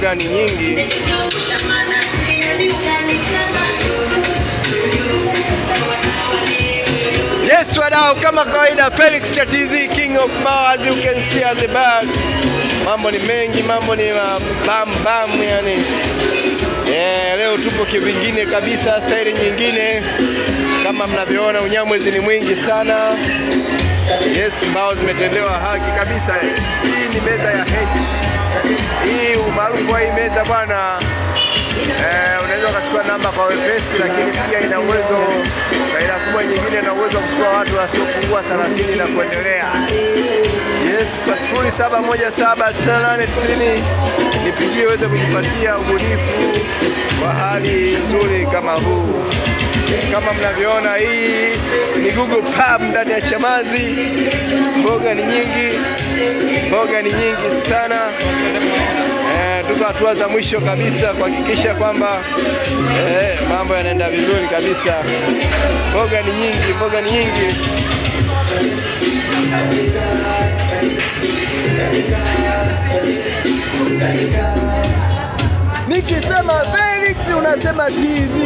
slogani nyingi Yes, wadau, kama kawaida, Felix Chatizi, king of power, as you can see at the back. Mambo ni mengi, mambo ni uh, bam bam, yani yeah, leo tupo kivingine kabisa, staili nyingine. Kama mnavyoona, unyamwezi ni mwingi sana. Yes, mbao zimetendewa haki kabisa eh kwa hii meza bwana eh, unaweza ukachukua namba kwa wepesi, lakini pia ina uwezo faida kubwa nyingine na uwezo kuchukua watu wasiopungua 30 na kuendelea. Yes, kwa 07179890 nipigie uweze kujipatia ubunifu wa hali nzuri kama huu. Kama mnavyoona, hii ni Google Pub ndani ya Chamazi. Mboga ni nyingi, mboga ni nyingi sana hatua za mwisho kabisa kuhakikisha kwamba eh, mambo yanaenda vizuri kabisa. Mboga ni nyingi, mboga ni nyingi. Nikisema Felix unasema TV.